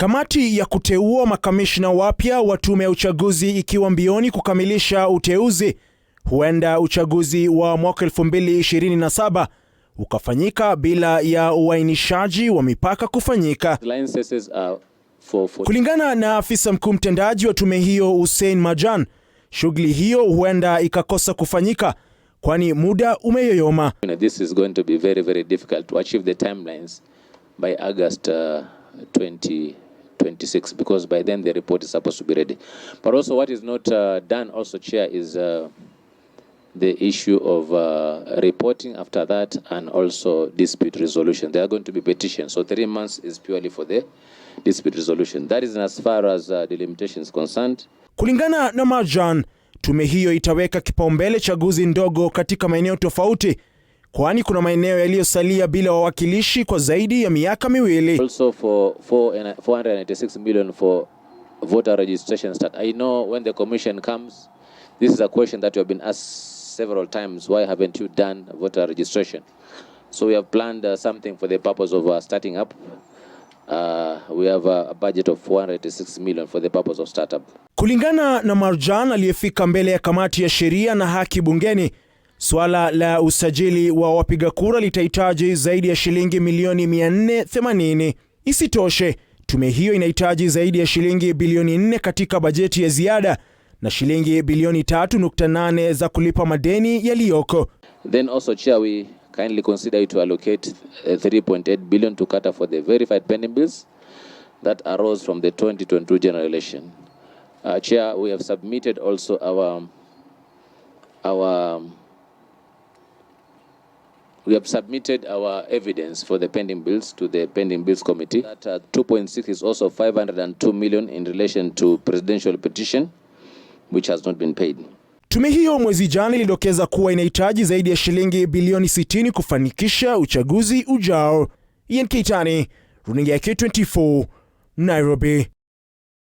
Kamati ya kuteua makamishna wapya wa tume ya uchaguzi ikiwa mbioni kukamilisha uteuzi, huenda uchaguzi wa mwaka 2027 ukafanyika bila ya uainishaji wa mipaka kufanyika. Kulingana na afisa mkuu mtendaji wa tume hiyo Hussein Majan, shughuli hiyo huenda ikakosa kufanyika kwani muda umeyoyoma. This is going to be very, very difficult to achieve the timelines by August, uh, 20 26 because by then the report is supposed to be ready. But also what is not uh, done also, Chair, is uh, the issue of uh, reporting after that and also dispute resolution. There are going to be petitions. So three months is purely for the dispute resolution. That is as far as uh, delimitation is concerned. Kulingana na Marjan, tume hiyo itaweka kipaumbele chaguzi ndogo katika maeneo tofauti kwani kuna maeneo yaliyosalia bila wawakilishi kwa zaidi ya miaka miwili. Also for million for voter registration start. I know when the commission comes, this is a question that you have been asked several times, why haven't you done voter registration? So we have planned uh, something for the purpose of uh, starting up. Uh, we have a budget of 486 million for the purpose of startup. Kulingana na Marjan aliyefika mbele ya kamati ya sheria na haki bungeni Swala la usajili wa wapiga kura litahitaji zaidi ya shilingi milioni 480. Isitoshe, tume hiyo inahitaji zaidi ya shilingi bilioni 4 katika bajeti ya ziada na shilingi bilioni 3.8 za kulipa madeni yaliyoko. Then also chair we kindly consider to allocate 3.8 uh, billion to cater for the verified pending bills that arose from the 2022 general election. Uh, chair we have submitted also our our We have submitted our evidence for the pending bills to the pending bills committee. That uh, 2.6 is also 502 million in relation to presidential petition which has not been paid. Tume hiyo mwezi jana ilidokeza kuwa inahitaji zaidi ya shilingi bilioni 60 kufanikisha uchaguzi ujao. Ian Keitani, Runinga K24, Nairobi.